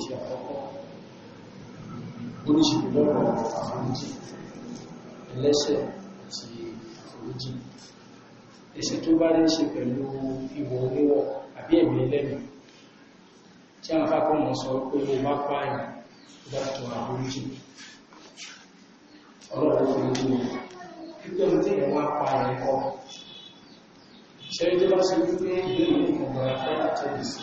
méjì àkọ́kọ́ oríṣìí lọ́rọ̀ àforíjì ẹlẹ́ṣẹ̀ àti àforíjì ẹ̀ṣẹ̀ tó bá ní ṣe pẹ̀lú ìwọ̀ oníwọ̀ àbí ẹ̀mí ẹlẹ́mì tí a ń fàkọ́ mọ̀ sọ pé o bá pààyàn dáàtọ̀ àforíjì ọlọ́rọ̀ àforíjì ni pípẹ́ mú tí ẹ̀wọ́n pààyàn kọ́ ṣẹ́rí tó bá ṣe wípé ìgbé ìlú ìkọ̀gbọ̀n àfẹ́ àtẹ́bìsì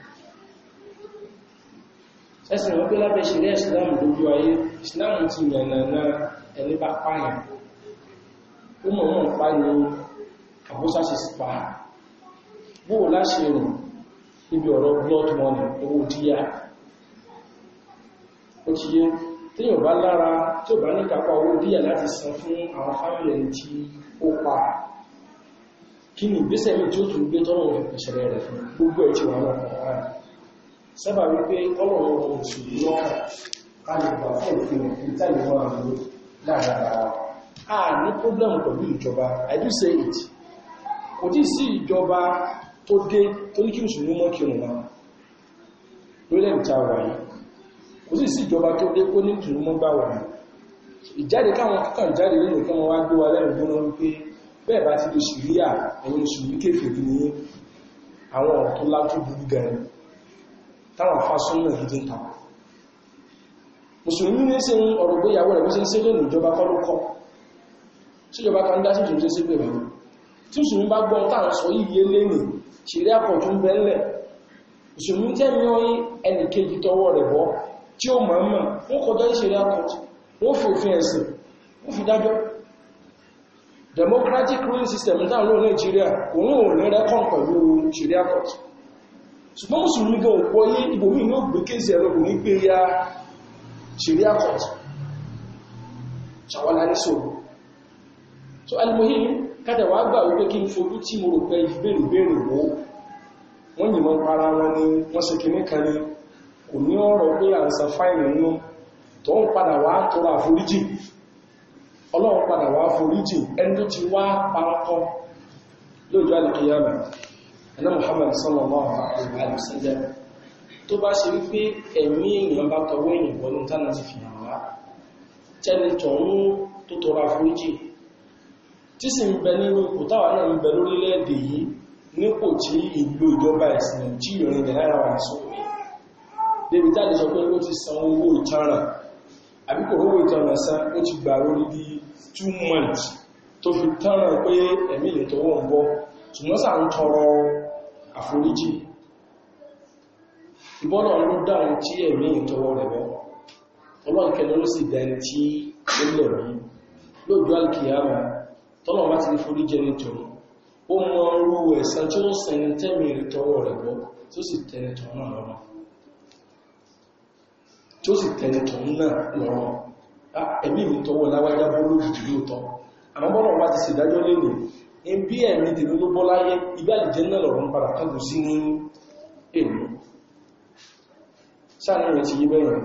ẹsìn wọ́n pé lábẹ́ ìṣẹ̀lẹ̀ ìsìláàmù lójú ayé ìsìláàmù ti yànnàná ẹni bá pààyàn ó mọ̀ mọ̀ pa ní àbúsáṣe pa bóò láṣẹ rùn níbi ọ̀rọ̀ blood money owó díyà ó ti yé tí yóò bá lára tí ó bá ní kápá owó díyà láti san fún àwọn fámìlì ẹni tí ó pa kí ni ìgbésẹ̀ mi tí ó tún gbé tọ́rọ̀ ìṣẹ̀lẹ̀ rẹ̀ fún gbogbo ẹ̀ tí wà lọ́kọ̀ọ́ sábà wípé ọlọ́run òṣèlú náà kálùgbà fún òfin ìtàlùmọ́ àmì láàrárá a problem pẹ̀lú ìjọba i do say it kò tí sí ìjọba tó dé tó ní kí òṣèlú mọ́ kírun wa lórílẹ̀ ìta wà yìí kò sí sí ìjọba tó dé kó ní òṣèlú mọ́ gbà wà yìí ìjáde káwọn kọ́kàn jáde nínú kí wọ́n wá gbé wa lẹ́rìn gbóná wípé bẹ́ẹ̀ bá ti di ṣùgbíyà ẹ̀yìn ṣùgbí kéfèé ní àwọn ọ̀rọ̀ tó lájú burú táwọn afásún náà fi dín tàwọn mùsùlùmí ní sí ọ̀rọ̀ gbéyàwó rẹ̀ wọ́n sí sí lónìí ìjọba kọ́ ló kọ́ síjọba kan dá sí jùlọ sí pé bàbá tí mùsùlùmí bá gbọ́ táwọn sọ yìí yé lẹ́nì ṣeré àpọ̀jú ń bẹ́ ńlẹ̀ mùsùlùmí tẹ́mi ó yí ẹnì kejì tọwọ́ rẹ̀ bọ́ tí ó mọ̀ mọ̀ wọ́n kọjọ́ ìṣeré àpọ̀jú wọ́n fi òfin ẹ̀sìn wọ́n fi dájọ́ democratic ruling system dáwọn Nàìjíríà òun ò ní pẹ̀lú ṣeré àpọ̀jú ṣùgbọ́n mùsùlùmí gan ihe ọyé ibòmí ní ògbé kéèsì ẹ̀rọ kò ní pé ya ṣeré àkọ̀tù ṣàwọ́lá ní sọ̀rọ̀ so alimohim kádà wà gbà wípé kí n fojú tí mo rò pé ìbéèrè béèrè wó wọ́n wọn ni wọ́n ṣe kìíní kan ni kò ní ọ̀rọ̀ pé à ń san fáìnì nínú tó ń padà wá tọrọ àforíjì ọlọ́run ẹ̀nà Muhammad sallallahu alaihi wa sallam tó bá ṣe wípé ẹ̀mí èèyàn bá tọwọ́ èèyàn bọ́nú tánà ti fi hàn wá tẹ́ni tọ̀hún tó tọrọ àforíjì tí sì ń bẹ nínú ipò táwa náà ń bẹ lórílẹ̀-èdè yìí nípò tí ìlú ìjọba ẹ̀sìn jí ìrìn dẹ̀ lára wà sómi débi táàdì sọ pé ó ti san owó ìtanràn àbí kò rówó ìtanràn san ó ti gbà lórí bí two months tó fi tanràn pé ẹ̀mí ìlẹ̀tọ̀wọ́ ń bọ́ ṣùgbọ́n sà ń tọrọ àforíjì ìbọ́nà ló dáhùn tí ẹ̀mí ìtọwọ́ rẹ̀ bọ́ ọlọ́nkẹ́lẹ́ ló sì dẹni tí ó lẹ̀ rí lóòjú alkiyama tọ́lọ̀ bá ti ní foríjì ní ó mọ orú ẹ̀sán tí ó ń sẹni tẹ́mì ìtọwọ́ rẹ̀ bọ́ tí ó sì tẹni náà lọ́rọ̀ in bí ẹ̀mí tèmi ló bọ́ láyé ibi àlìjẹ́ náà lọ̀rọ̀ ń padà kọ́kù sí ní èmú sáàrin ti yí bẹ́yìn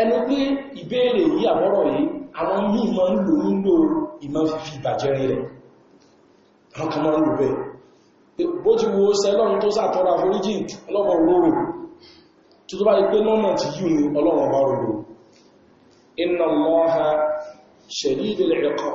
ẹnu pé ìbéèrè yìí àbọ́rọ̀ yìí àwọn míì máa ń lò nílò ìmọ̀ fífi ìbàjẹ́ rẹ̀ àwọn kan máa ń lò bẹ́ẹ̀ bó ti wo sẹ́lọ́run tó sàtọ́rọ àforíjì ọlọ́run lóòrò tó tó bá rí pé lọ́nà ti yíò ní ọlọ́run bá rò lò inna Allaha shadidul iqab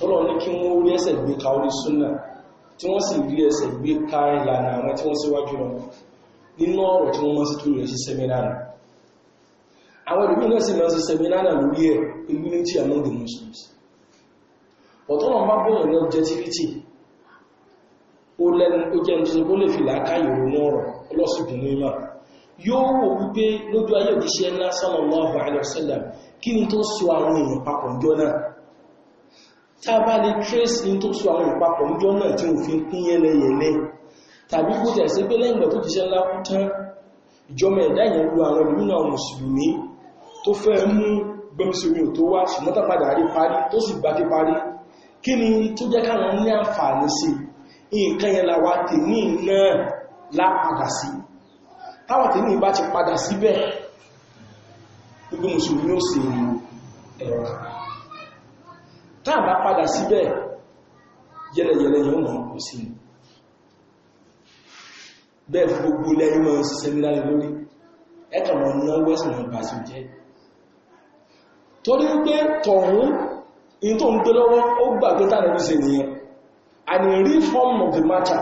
tọ́lọ ní kí wọ́n rí ẹsẹ̀ gbé ka orí súnà tí wọ́n sì rí ẹsẹ̀ gbé ka ìlànà àwọn tí wọ́n síwájú lọ nínú ọ̀rọ̀ tí wọ́n mọ́ sí tó sí sẹ́mínárì àwọn ìlú náà sì máa sí sẹ́mínárì lórí ẹ̀ immunity among the Muslims ọ̀tọ́nà bá bọ́ọ̀ ní objectivity ó jẹ́ ìtúnṣe bó lè fi làákàyè ronú ọ̀rọ̀ ọlọ́sìnkú ní ìmá yóò wò wípé lójú ayé òjíṣẹ́ ńlá sallallahu alaihi wasallam kí ni tó so àwọn èèyàn papọ̀ jọ náà tá a bá lè trace in tó so àwọn ìpapọ̀ ń jọ náà tí ò fi pín yẹlẹyẹlẹ tàbí kó tẹ̀ sí pé lẹ́yìn ìgbà tó ti ṣe ńlá tán ìjọmọ̀ ẹ̀dá ìyẹn lu àwọn ìlú náà mùsùlùmí tó fẹ́ mú gbẹmísomi tó wá ṣùgbọ́n padà rí parí tó sì gbá ti parí kí ni tó jẹ́ káwọn ní àǹfààní sí nǹkan yẹn làwa tèmi náà lápadà sí táwọn tèmi bá ti padà síbẹ̀ gbogbo mùsùlùmí ó sì ẹ̀rọ táàbá padà síbẹ̀ yẹ́lẹ̀yẹ́lẹ́ yóò mọ̀ kò sí bẹ́ẹ̀ gbogbo lẹ́yìn mọ́ síṣẹ́ níláyé lórí ẹ̀kà wọn ná na wọn bá sí jẹ́ torí pé tọ̀hún in tó ń gbé lọ́wọ́ ó gbà tàbí nìyẹn and in real form of the matter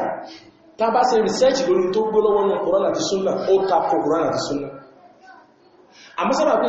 tàbá ṣe research lórí tó gbé lọ́wọ́ ní àti ó àti àmọ́ sábà pé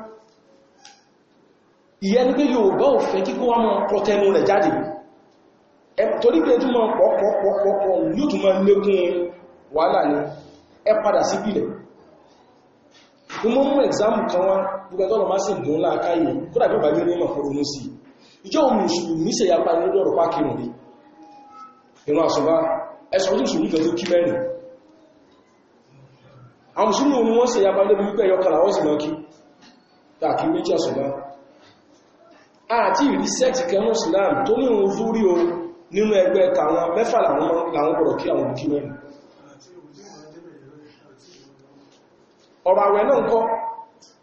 ìyẹn ní pé Yorùbá ò fẹ́ kíkó wá mọ́ pọtẹnu rẹ̀ jáde torí pé tó mọ́ pọ̀pọ̀pọ̀pọ̀ yóò tún máa lékún wàhálà ni ẹ padà sí bílẹ̀ mo mọ́ mú ẹ̀zámù kan wá gbogbo ẹ̀tọ́lọ̀ máa sì gùn láàkáyè kódà bí bàbí ní ìmọ̀fọ́rọ̀ mú sí ìjọ mùsùlùmí ṣe yapa ní lọ́rọ̀ pákìrùn rí ìran àṣọ́bá ẹ̀sọ́ ojú mùsùlùmí kan tó kí mẹ́rin àwọn mùsùlùmí wípé ẹyọkàlà wọ́n sì mọ́ kí tààkì méjì àṣọ́bá àti ìrí sẹ́ẹ̀tì kẹrún islam tó ní òun zúrí o nínú ẹgbẹ́ tàwọn mẹ́fà làwọn gbọ́dọ̀ kí àwọn òkú mẹ́rin ọ̀rọ̀ àwẹ̀ náà kọ́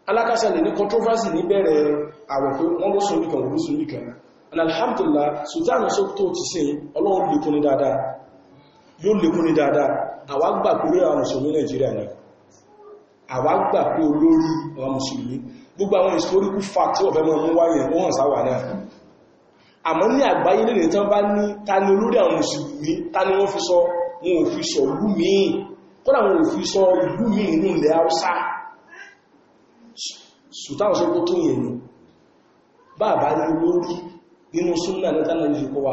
alákásẹ̀lẹ̀ ní controversy ní bẹ̀rẹ̀ àwẹ̀ pé wọ́n ló sórí alhamdulillah sultan sọ tó ti sin ọlọ́run lékún ní dáadáa yóò lékún ní dáadáa àwa gbà pé olórí àwọn mùsùlùmí nàìjíríà gbogbo àwọn historical fact tí ọ̀fẹ́ mọ́ mú wáyé ó hàn sáwà náà àmọ́ ní àgbáyé lè tán bá ní ta ni olórí àwọn mùsùlùmí ta ni wọ́n fi sọ wọn ò fi sọ ìlú míì kódà wọn ò fi sọ ìlú míì nínú ilẹ̀ haúsá sultan sọ pé tó yẹn nù bàbá ní olórí nínú súnnà lẹ́tà náà fi kọ́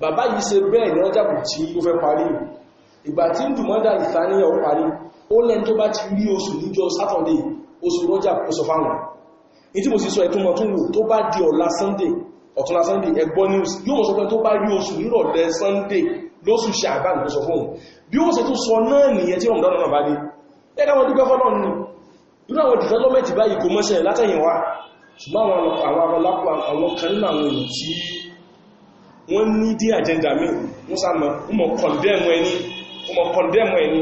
bàbá yìí ṣe bẹ́ẹ̀ ní ọjàbù tí ó fẹ́ parí ìgbà tí jùmọ́dà ìsáníyà ó parí ó lẹ́n tó bá ti rí oṣù níjọ́ sátọ̀dé oṣù rọ́jà oṣù fáwọn ìtí mo sì sọ ẹ̀tún mọ̀tún wò tó bá di ọ̀la sunday ọ̀túnla sunday ẹgbọ́ news yóò mọ̀ sọ pé tó bá rí oṣù nírọ̀lẹ́ sunday lóṣù ṣàbán ló sọ fún un bí ó ṣe tó sọ náà nìyẹn tí development báyìí kò mọ́ṣẹ́ látẹ̀yìn wá ṣùgbọ́n àwọn kan nínú àwọn èèyàn tí wọ́n ní dé agenda mi wọ́n sá mọ̀ condemn ẹni ọmọ kọ̀ndẹ́mù ẹni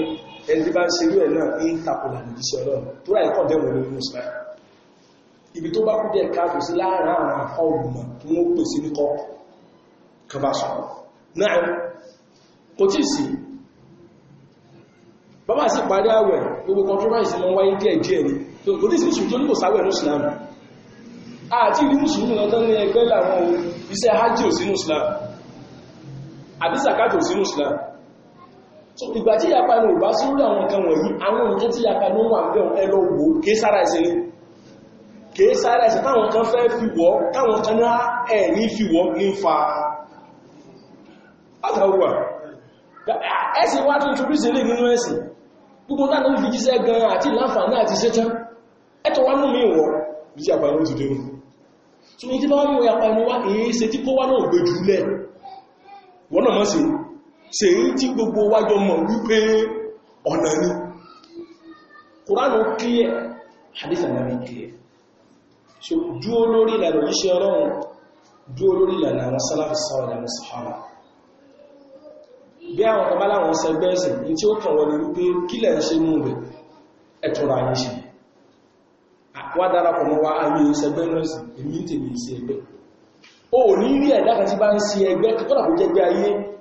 ẹni bá ń ṣe irú ẹ̀ náà ń takùnà ìdíṣẹ́ ọlọ́run tó ráì kọ̀ndẹ́mù ẹni nínú islam ibi tó bá kú díẹ̀ káàkù sí láàárín àwọn afọ olùmọ̀ tí wọ́n pè sí níkọ́ kan bá sọ náà kò tí sí bàbá sì parí àwẹ̀ gbogbo controversy mọ́ wáyé díẹ̀ díẹ̀ ni kò tí sí mùsùlùmí tó ní kò sáwẹ̀ ní islam àti ìrí mùsùlùmí lọ́tọ́ ní sínú islam so ìgbà tí ìyapa inú ìbá sí lórí àwọn nǹkan wọ̀nyí àwọn nǹkan tí ìyapa inú wà bẹ́ẹ̀ ẹlọ wò kéé sára ẹ̀sẹ̀ ní kéé sára ẹ̀sẹ̀ táwọn kan fẹ́ fi wọ́ táwọn kan náà ẹ̀ ní fi wọ́ ní fa àtàwà ẹ̀sìn wá tó introduce ilé nínú ẹ̀sìn gbogbo náà ló fi jíṣẹ́ gan àti láǹfààní àti ṣẹ́tán ẹ̀tọ́ wá mú mi wọ́ bí ìyapa inú ti dẹnu so ní tí bá wọ́n mú ìyapa inú wá èé ṣe tí kó wá náà gbé jùlẹ̀ wọ́n náà mọ́ sí ṣe ń tí gbogbo wájọ mọ̀ wípé ọ̀nà ni kùránù clear hadith annabi clear so dúó lórí ìlànà oníṣẹ́ ọlọ́run dúó lórí ìlànà àwọn sálàfì sọ́ọ̀dà ní sàhábà bí àwọn ọmọ aláwọn sẹgbẹ́ ẹ̀sìn ní tí ó kàn wọ́n ní wípé kílẹ̀ ń ṣe mú rẹ̀ ẹ̀tọ́rọ ayé ṣe wá darapọ̀ mọ́ wá ayé sẹgbẹ́ ẹ̀sìn èmi tèmi sí ẹgbẹ́ o ní rí ẹ̀dá kan tí bá ń sí ẹgbẹ́ kọ́lá kó jẹ́gbẹ́ ayé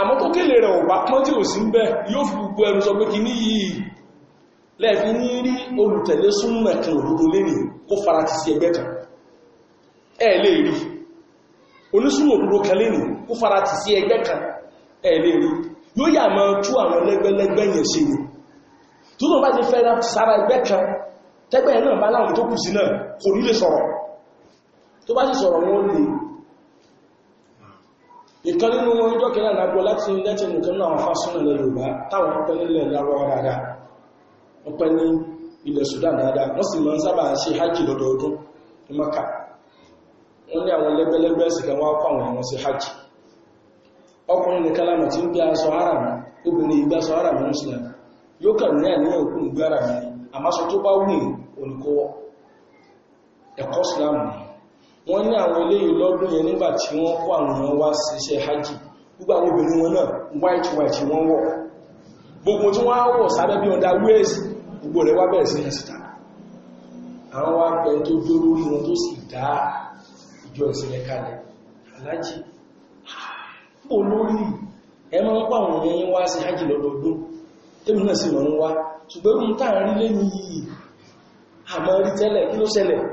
àmọ́ tó kélé rẹ̀ ọ̀pá pọ́n tí ò sí ń bẹ́ yóò fi gbogbo ẹnu sọ pé kì ní yìí lẹ́ẹ̀fí ní rí olùtẹ̀lé súnmọ̀ ẹ̀kùn òdòdó lẹ́nìí kó fara ti sí ẹgbẹ́ kan ẹ̀ lè rí onísúnmọ̀ òdòdó kan lẹ́nìí kó fara ti sí ẹgbẹ́ kan ẹ̀ lè rí yóò yà máa tú àwọn lẹ́gbẹ́lẹ́gbẹ́ yẹn ṣe ni tó náà bá ti fẹ́ sára ẹgbẹ́ kan tẹ́gbẹ́ náà bá láwọn tó kù sí náà kò ní lè sọ̀rọ̀ tó bá sì sọ̀rọ̀ wọn lè ìkan nínú wọn na kẹrẹ àgbọ́ láti lẹ́tẹ̀ nìkan náà fásúnà ilẹ̀ Yorùbá táwọn pẹ́ nílẹ̀ lárọ́ dáadáa wọ́n pẹ́ ní ilẹ̀ Sudan dáadáa wọ́n hajj lọ́dọọdún Maka wọ́n ní àwọn lẹ́gbẹ́lẹ́gbẹ́ sì kan wá kọ́ hajj wọ́n ní àwọn eléyìí lọ́dún yẹn nígbà tí wọ́n kọ́ àwọn èèyàn wá ṣiṣẹ́ hajj gbogbo àwọn obìnrin wọn náà white white wọ́n wọ̀ gbogbo tí wọ́n wọ̀ sábẹ́ bí ọ̀dá wales gbogbo rẹ̀ wá bẹ̀rẹ̀ sí ní síta àwọn wá pẹ́ tó wọn tó sì dá ìjọ ìsinmi kalẹ̀ alájì ah, ẹ máa ń àwọn wá sí lọ́dọọdún tẹ́mi náà sì ń wá ṣùgbọ́n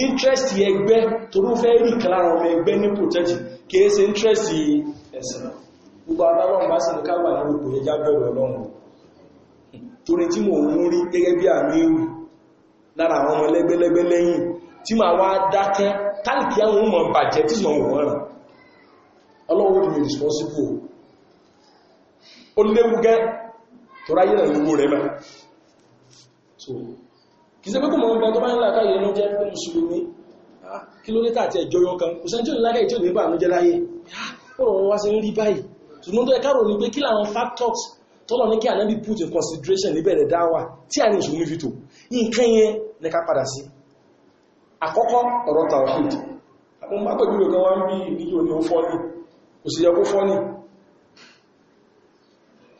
interest ẹgbẹ́ tó ló fẹ́ rí kan lára ọmọ ẹgbẹ́ ní protect kìí ụba interest ẹ̀sìn gbogbo àtàwọn bá sì káwà ní gbogbo ẹjá bẹ̀rẹ̀ ọlọ́run torí tí mò ń rí gẹ́gẹ́ bí àmì ewu lára àwọn ọmọ lẹ́yìn tí wá dákẹ́ àwọn ọmọ bàjẹ́ tí wọ́n rẹ̀ kì í ṣe pé kò mọ̀ ọgbà tó bá ń làkàyè ló jẹ́ pé mùsùlùmí ah, kí ló létà àti ẹjọ́ yọ kan kò sẹ́ni tí ò ní lákàyè tí láyé ọ̀rọ̀ wá sí ń rí báyìí ṣùgbọ́n tó ẹ káàrò ní pé kí làwọn factors tọ́lọ̀ ní kí ànábì put in consideration níbẹ̀rẹ̀ dáwà tí a ní ìṣòmí fìtò nǹkan yẹn ní ká padà sí àkọ́kọ́ ọ̀rọ̀ tawhid àwọn akọ̀jùlọ kan wọ́n bí ìdíjò ní ó fọ́nì kò sí yẹ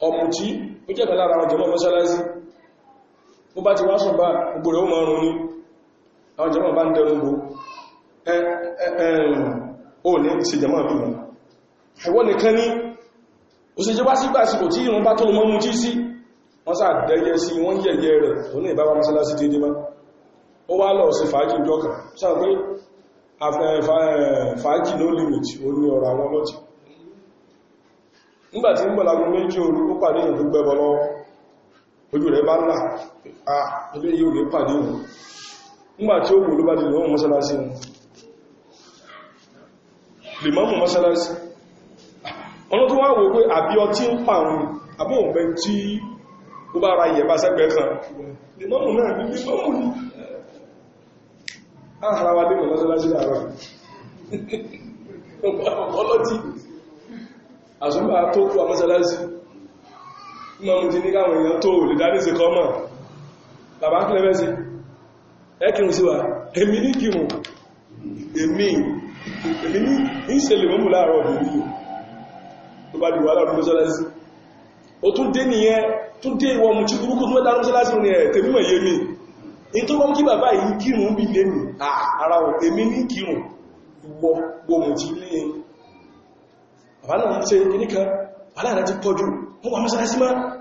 ọmọ tí ó jẹ́ kan lára mọ́sálásí bó bá ti wá sùn bá gbogbo ó mọ́rún ní àwọn jẹmọ́ bá ń dẹrùn bó ó ní ṣe jẹmọ́ bí wọn ẹ̀wọ́ nìkan ní ó sì jẹba sígbà síkò tí ìrùn bá tó mọ́ mú jí sí wọ́n sá no limit ó ní ọ̀rọ̀ àwọn ọlọ́tì nígbàtí ń bọ̀ lágún méjì òru ojú rẹ̀ bá ńlá à ilé yóò rí pàdé òun nígbà tí ó wù ló bá di lọ́wọ́ mọ́sálásí wọn lè mọ́mù mọ́sálásí ọ̀nà tó wá wò pé àbí ọtí ń pa àwọn àbí òun bẹ tí ó bá ra ìyẹ̀bá sẹ́gbẹ̀ẹ́ kan lè mọ́mù náà ní lè mọ́mù ní àhàrà wa dé mọ́sálásí àárọ̀ ọlọ́tí àsúnbà tó tó àmọ́sálásí mọ́mù ti ní káwọn èèyàn tó lè dá níṣe kọ́ mọ̀ bàbá kílẹ̀ mẹ́sí ẹkìrùn sí wa èmi ní kìrùn èmi èmi ní ìṣẹ̀lẹ̀ mọ́mù láàárọ̀ òbí tó bá dìwà láàrùn mọ́sálásí ó tún dé nìyẹn tún dé ìwọ̀n mú tí burúkú tó mẹ́ta mọ́sálásí ní ẹ̀ tèmi mọ̀ yé mi in tó mọ́ kí bàbá yìí kírùn bí lé mi ara ò èmi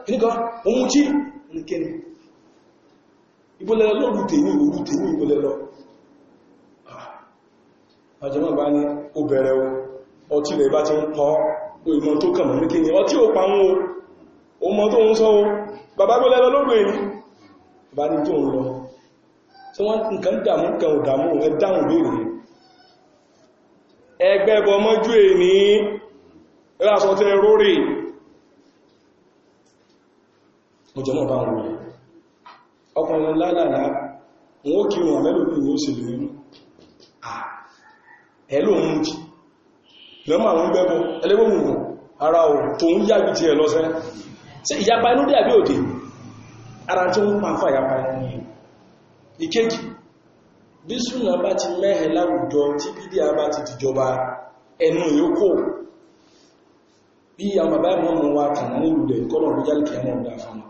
nígbà ohun tí nìkẹni ìbólẹ́lọ lórí tèmi lórí tèmi ìbólẹ́lọ ah, àjọmọ́ bá ní ó bẹ̀rẹ̀ o ọtí rẹ̀ bá ti ń pọ́ ìmọ̀ tó kàn mọ̀ kíni ọtí ò pa o mọ́ tó ń sọ o bàbá gbọ́lẹ́lọ lórí èyí bá ní tó ń lọ tí wọ́n nǹkan dàmú kan òdàmú ẹ dáhùn lórí ẹgbẹ́ bọ mọ́jú èní rásọ tẹ rórí jọ náà bá wọn rẹ̀ ọkùnrin lálàlá wọn ó kí wọn mẹ́lò ní ìwọ́n sí lórí ẹ̀lò jì àwọn ẹlẹ́gbọ́n ara ò tó ń yá bí ti ẹ̀ lọ́sẹ́ sí ìyapa inú dẹ̀ òdè ara ìyapa inú ìkéjì bí súnà bá ti mẹ́hẹ̀ láwùjọ tí a bá ti dìjọba ẹnu ìyókò bí àwọn bàbá ìmọ̀ wa kàn ní olùdẹ̀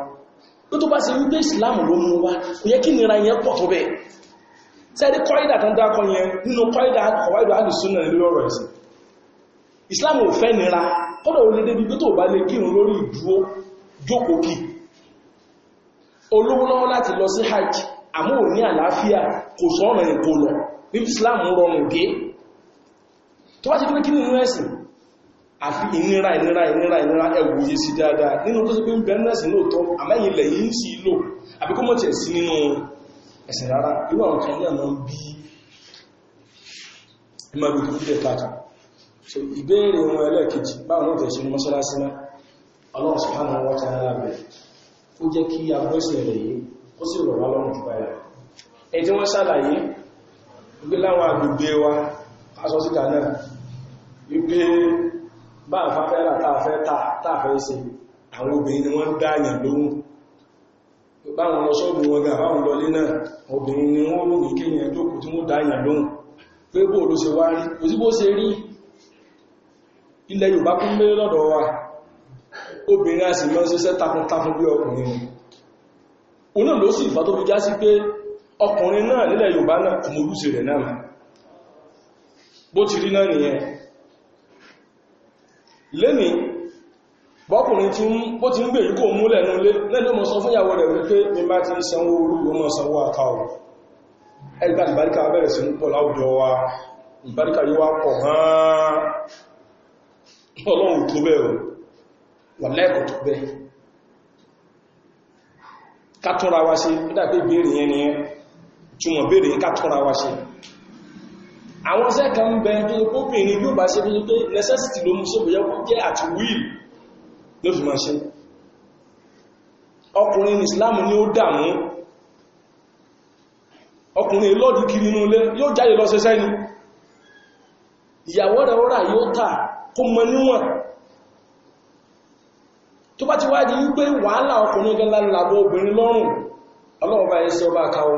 pé tó bá ṣe wípé islam ló mú wá kò yẹ kí nira yẹn pọ̀ tó bẹ́ẹ̀ sẹ́ẹ̀dí kọ́ídà tó ń dákọ yẹn nínú kọ́ídà kọ̀wáìdà alìsúnà lórí ẹ̀sìn islam ò fẹ́ nira kọ́dọ̀ ò lè débi pé tó bá lè kírun lórí ìdúró jókòó kì olówó lọ́wọ́ láti lọ sí hajj àmọ́ ò ní àlàáfíà kò sọ ọ̀nà lọ bí islam rọrùn gé tó bá ti fi kí nínú ẹ̀sìn àfi ìnira ìnira ìnira ìnira ẹwòye sí dáadáa nínú tó sì pé ń bẹ̀rẹ̀ sí lóòtọ́ àmẹ́yìn yìí ń sí lò àbí sí nínú ẹ̀sìn rárá irú àwọn kan náà bí káàkà so ìbéèrè wọn ẹlẹ́ẹ̀kejì báwọn náà bá àfáfẹ́lá tààfẹ́ tààfẹ́ sí àwọn obìnrin ni wọ́n dáyàn lóhun báwọn lọ ṣọ́bù wọn gà báwọn lọlé náà obìnrin ni wọ́n lórí kéyàn tó kù tí wọ́n dáyàn lóhun pé bó ló ṣe wá rí kò sí bó ṣe rí ilẹ̀ Yorùbá kún lé lọ́dọ̀ wa obìnrin a sì mọ́ ṣiṣẹ́ takuntakun lẹ́ni bọ́kùnrin tí ó ti ń gbé ìrúkò múlẹ̀ nílé lẹ́ni ó mọ́ sọ fún ìyàwó rẹ̀ wípé ní bá ti sanwó orúkọ mọ́ sanwó àtàwọ̀ ẹgbà ìbáríkà bẹ̀rẹ̀ sí ń pọ̀ láwùjọ wa ìbáríkà yíwá pọ̀ hàn ọlọ́run tó bẹ̀rẹ̀ wà lẹ́kọ̀ọ́ tó bẹ̀rẹ̀ kátúnra wa ṣe ó dàgbé ìbéèrè yẹn ni túnmọ̀ béèrè kátúnra wa ṣe àwọn iṣẹ́ kan ń bẹ tó tó kóbìnrin yóò bá ṣe tó tó necessity ló mú ṣòbò yẹ́kú jẹ́ àti will ló fi máa ṣe ọkùnrin Islam ni ó dàmú ọkùnrin lọ́dún kiri inú ilé yóò jáde lọ ṣẹṣẹ́ ni ìyàwó rẹ̀ rọ́rà yóò tà kó mọ níwọ̀n tó bá ti wáyé wípé wàhálà ọkùnrin gẹ́lá lábọ́ obìnrin lọ́rùn ọlọ́ọ̀bá ẹsẹ ọba àkáwọ́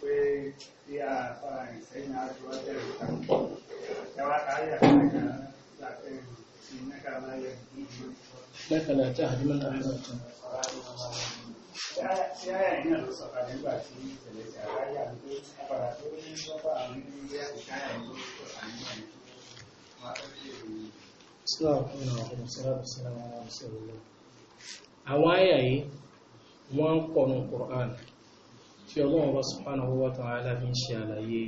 pé tí a fa ìsẹ́yìn àjọ abẹ́rẹ́ ta ẹwà káyà nígbà láti ti nígbà láyé nígbà. lẹ́kàlà tí a dúró náà lọ tán. tí a yà ní àlọ́ sọ̀kà nígbà tí ìṣẹ̀lẹ̀ tí a ráyà ń gbé àpàrà tó ní sọ́kà àwọn ilé àkókò àyà ń gbé sọ̀kà nígbà yìí. Àwọn àyà yìí wọ́n ń pọ̀ nù Kùránì tí ọlọ́run bá subhanahu wa ta'ala fi ń ṣe àlàyé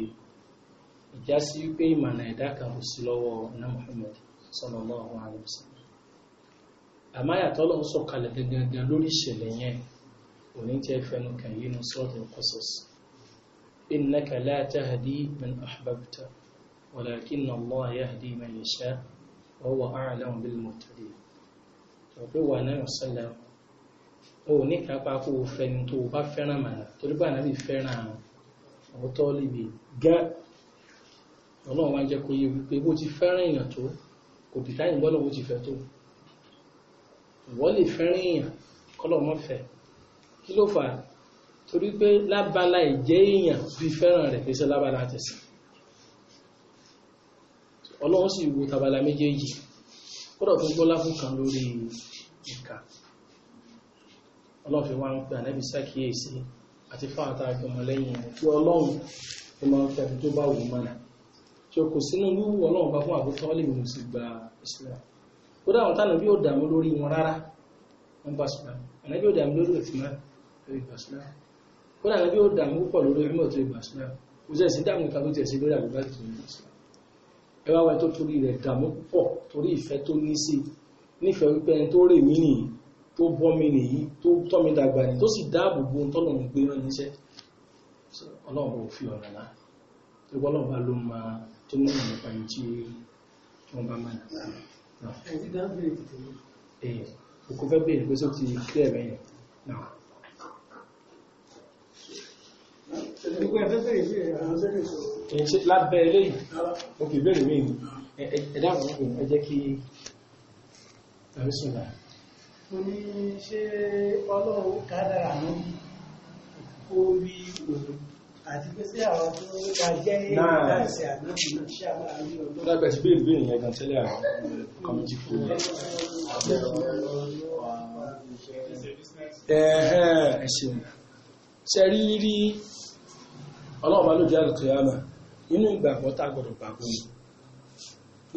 ìjásí wípé ìmọ̀nà ẹ̀dá kan kò sí lọ́wọ́ ọ̀nà Muhammad sallallahu alaihi wasallam àmọ́ yàtọ̀ ọlọ́run sọ̀kalẹ̀ gangan lórí ìṣẹ̀lẹ̀ yẹn òní tẹ́ fẹnu kàn yínú suratul Qasas innaka la tahdi man ahbabta walakin Allah yahdi man yasha wa huwa a'lamu bil muhtadin o ní kápá kó o fẹni tó o bá fẹ́ràn màá torí pé ànábì fẹ́ràn àwọn tó lèbi gán ọlọ́run wá jẹ́ kó yé wípé bó ti fẹ́ràn èèyàn tó kò dìtá ìgbọ́lọ̀ bó ti fẹ́ tó ìwọ lè fẹ́ràn èèyàn kọ́lọ̀ mọ́ fẹ́ kí ló fà á torí pé lábala ìjẹ́ èèyàn bí fẹ́ràn rẹ̀ pèsè lábala àtẹ̀sí ọlọ́run sì wo tabala méjèèjì kọ́dọ̀ tó gbọ́lá fún kan lórí ìka ọlọ́fẹ́ wá ń pè ànẹ́bí sákìyèsí àti fáàtà àgbọmọlẹ́yìn tí ọlọ́run tó máa ń fẹ́ tó bá wù mọ́nà tí ó kò sínú wíwú ọlọ́run bá fún àbútọ́ lè mú sí gba Islam ó dáhùn tánà bí ó dààmú lórí wọn rárá wọn bá Islam ànẹ́bí ó dààmú lórí òtún náà lórí ìgbà Islam ó dààmú bí ó dààmú púpọ̀ lórí ìmọ̀ tó ìgbà Islam ó sì dààmú ìka tó tiẹ̀ sí lórí àbúgbà tó ìgbà Islam ẹ wá wáyé tó torí rẹ̀ dààmú púpọ̀ torí ìfẹ́ tó ní sí nífẹ̀ẹ́ wípé ẹni tó rè mí nìyí tó bọ́ mi nìyí tó tọ́ mi dàgbà ní tó sì dáàbò bo tọ́lọ̀ ń gbé rán níṣẹ́ ọlọ́run bò fi ọ̀nà lá tó gbọ́ lọ́ba ló máa tó ní ọ̀nà nípa ní tí wọ́n bá máa nà. ẹ̀yìn dábìlì tètè mọ́. ẹ̀yìn òkú fẹ́ bèèrè pé só ti kílẹ̀ mẹ́yìn náà. Ẹ̀ṣẹ́ lábẹ́ eléyìí, ó kì bèèrè mí ẹ̀dá àwọn ọkùnrin ẹjẹ́ kí Tàbí Sùnà. mo ní ọlọ́run kádàrà òòrùn àti pé sí àwọn tó ń gba jẹ́ ṣe àwọn àmì ọlọ́run. lábẹ́ sí bẹ́ẹ̀ bẹ́ẹ̀ yẹn gan ẹ ṣe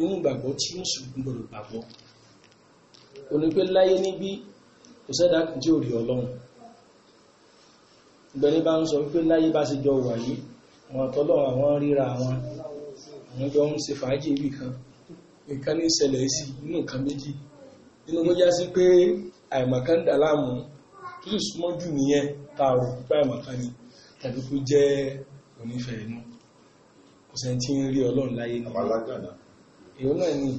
ìgbàgbọ́ ìgbàgbọ́ tí gbọ́dọ̀ onípé láyé níbí ìṣẹ́dá jí ò rí ọlọ́run ìgbẹ̀ni bá ń sọ wípé láyé bá ṣe jọ wà yìí àwọn àtọ́lọ́run àwọn ríra àwọn àwọn jọ ń ṣe fàájì ibì kan nǹkan ní ìṣẹ̀lẹ̀ sí inú nǹkan méjì inú ló já sí pé àìmọ̀kan láàmú tó sì súnmọ́ jù nìyẹn tààrọ̀ pé àìmọ̀kan ni tàbí kó jẹ́ onífẹ̀ẹ́ inú kò sẹ́ni tí ń rí ọlọ́run láyé nìyẹn èèyàn náà ni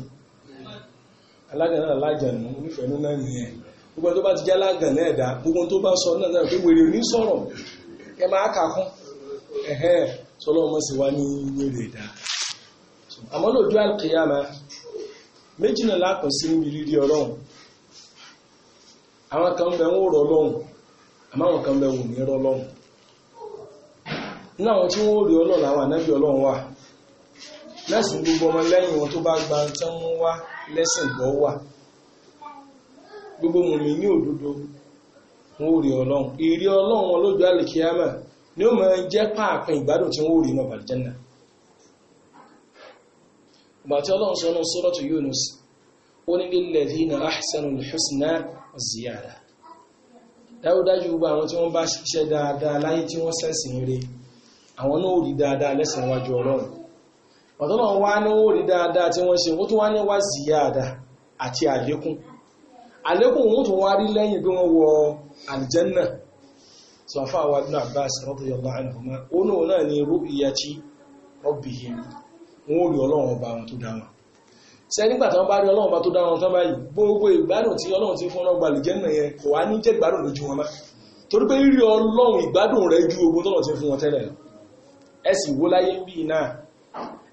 alágànnà alájànú onífẹ̀ẹ́nú náà nìyẹn gbogbo tó bá ti jẹ́ alágànnà ẹ̀dá gbogbo tó bá sọ náà pé wèrè ní sọ̀rọ̀ ẹ máa kàkún ẹ̀hẹ́n sọlọ́ ọmọ sì wá ní wèrè ẹ̀dá àmọ́ lójú àkìyàmá méjì náà lápọ̀ sí níbi rírí ọlọ́run àwọn kan bẹ̀ ń rọ̀ ọlọ́run àmọ́ àwọn kan bẹ̀ wò ní rọ̀ ọlọ́run ní àwọn tí wọ́n rí ọlọ́run àwọn ànábì ọlọ́run wà lẹ́sìn gbogbo ọmọ lẹ́yìn wọn tó bá gba tán mú wá lẹ́sìn gbọ́ wà gbogbo mùmí ní òdodo wọn ò rí ọlọ́run ìrí ọlọ́run wọn lójú àlìkíyàmà ni ó máa jẹ́ pàápàá ìgbádùn tí wọ́n ò rí náà bàlìjẹ́nà ìgbà tí ọlọ́run sọ náà suratu ziyada dájúdájú gbogbo àwọn tí wọ́n bá ṣiṣẹ́ dáadáa láyé tí wọ́n sẹ́sìn ire àwọn náà ò rí ọ̀tọ́lọ̀ wá náwó rí dáadáa tí wọ́n ṣe ó tún wá ní wá ziyada àti àlékún àlékún òun tún wá rí lẹ́yìn bí wọ́n wọ aljanna so afá wa ibn abbas radiyallahu anhuma ó náà rabbihim wọn ò rí ọlọ́run ọba wọn tó dá wọn ṣe nígbà tí wọ́n bá rí ọlọ́run ọba tó dá wọn tán báyìí gbogbo ìgbádùn tí ọlọ́run ti fún ọlọ́gba aljanna yẹn kò wá ní jẹ́ ìgbádùn lójú wọn máa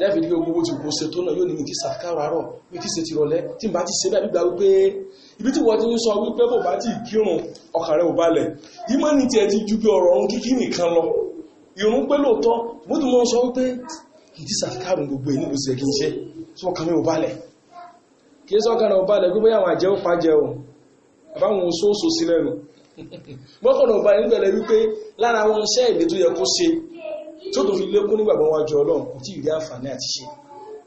lẹ́fìdí ogun owó ti gbò ṣe tó náà yóò ní mi kí sàkárọ̀ àárọ̀ mi kí ṣe ti rọ̀lẹ́ tí n bá ti ṣe bẹ́ẹ̀ gbígbà wípé ibi tí wọ́n ti ń sọ wípé bò bá ti kírun ọkàn rẹ̀ ò balẹ̀ yìí mọ́ ní tiẹ̀ ti ju bí ọ̀rọ̀ ọ̀run kíkí nìkan lọ ìrún pé lóòótọ́ bó ti tó tó fi lékún nígbàgbọ́ wájú ọlọ́run kò tí ìrí àǹfààní àti ṣe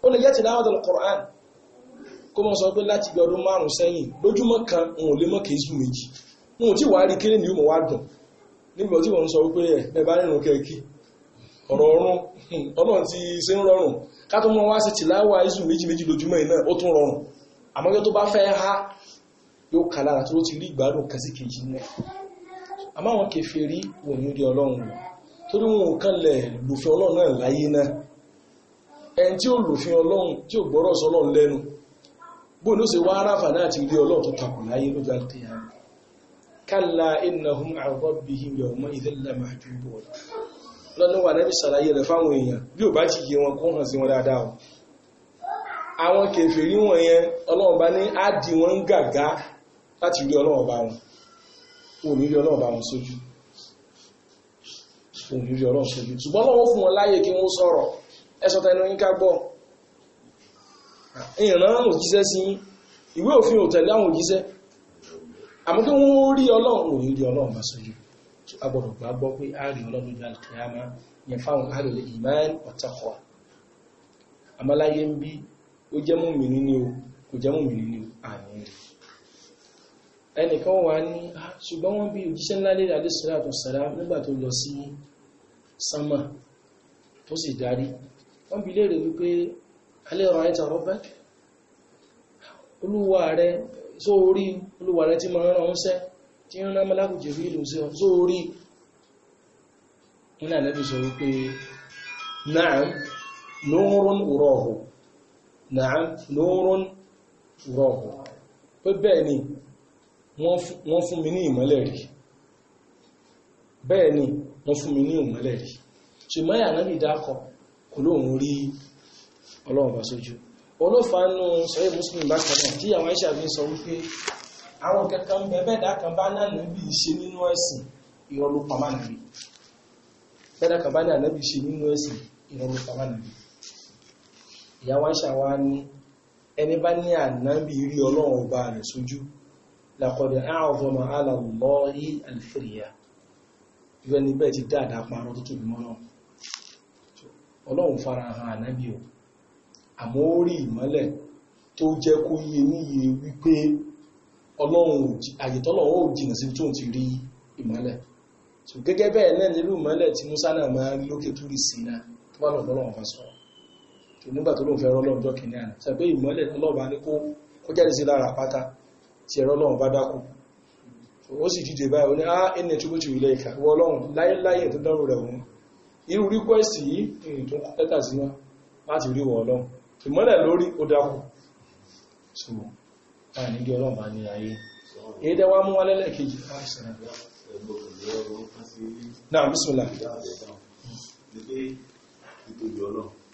ó lè yẹ́tì láwọn tẹ̀lẹ̀ Qur'an kó mọ́ sọ pé láti bí ọdún márùn sẹ́yìn lójúmọ́ kan òun lè mọ́ kéésù méjì wọn tí wà á rí kéré ní ìmọ̀ wá dùn nígbà tí wọ́n sọ wípé ẹ̀ bá rìnrìn kẹ́ẹ̀kì ọ̀rọ̀ ọ̀run ọlọ́run ti ṣe ń rọrùn ká tó mọ́ wá sí tìláwà ìsù méjì méjì lójúmọ́ torí wọn ò kanlẹ̀ lòfin ọlọ́run náà láyé náà ẹni tí ó lòfin ọlọ́run tí ò gbọ́rọ̀ sọ ọlọ́run lẹ́nu bóun ló ṣe wá ráfà náà ti rí ọlọ́run tó láyé kálá lọ́nà wà náà bí sàlàyé rẹ̀ fáwọn èèyàn bí ò bá ti yé wọn kó hàn sí wọn dáadáa o àwọn kèfèrí wọn yẹn ọlọ́run bá ní á di rí ọlọ́run bá wọn òun yóò yọrọ ṣojú ṣùgbọ́n lọ́wọ́ fún wọn láyè kí wọ́n sọ̀rọ̀ ẹsọ tẹnu yín ká gbọ́ ìran òjíṣẹ́ sí ìwé òfin ò tẹ̀lé àwọn òjíṣẹ́ àmọ́ kí ni o kò jẹ́ mùmínì ni o àmì rẹ̀ ẹnìkan wà ní ah, ṣùgbọ́n wọ́n bí òjíṣẹ́ ńlá lè rà lè sọ́rọ̀ àtọ̀sára nígbà tó lọ sí sánmà tó sì darí wọ́n bi léèrè wípé alẹ́ ọ̀rọ̀ àìtà rọ́bẹ́ olúwa rẹ̀ só orí olúwa rẹ̀ tí ma rán oúnṣẹ́ tí ń rán mọ́lákùjẹ̀ rí ìlú sí ọ só orí ní àlẹ́bì sọ wípé na'am wọ́n fún mi ní ìmọ́lẹ̀ rí bẹ́ẹ̀ ni wọ́n fún mi ní ìmọ́lẹ̀ rí ṣùgbọ́n ìyá náà dákọ̀ kò lóun rí ọlọ́run bá sójú olófanú sọ́yẹ́ muslim bá kọ̀ọ̀kan tí àwọn iṣẹ́ àfi ń sọ wípé àwọn kankan bẹ́ẹ̀ dá kan bá náà níbi ìṣe nínú ẹ̀sìn ìrọ̀lú pàmà níbi bẹ́ẹ̀ kan bá náà níbi ìṣe nínú ẹ̀sìn ìrọ̀lú pàmà níbi ìyá irú ẹni ti dáadáa parọ́ tó tóbi ọlọ́run fara hàn ànábì ìmọ́lẹ̀ tó jẹ́ kó níye wípé jìnà tó ti rí ìmọ́lẹ̀ so gẹ́gẹ́ bẹ́ẹ̀ náà nílùú ìmọ́lẹ̀ tí Musa náà máa ń lókè tó rí sí tó bá fẹ́ sọ̀rọ̀ tó nígbà tó lóun ó sì dìde báyìí ó ní á ẹnẹ tí ó ti wílẹ̀ ìkà wọ ọlọ́run láyéláyé tó dárò rẹ̀ wọn irú ríkwẹ́sì yìí ìrìn tó lẹ́tà sí wọn láti rí wọ ọlọ́run ìmọ́lẹ̀ lórí ó dákù ṣùgbọ́n táà ní gẹ́ ọlọ́run bá ní ayé èdè wa mú wa lẹ́lẹ́kejì náà bísmìlá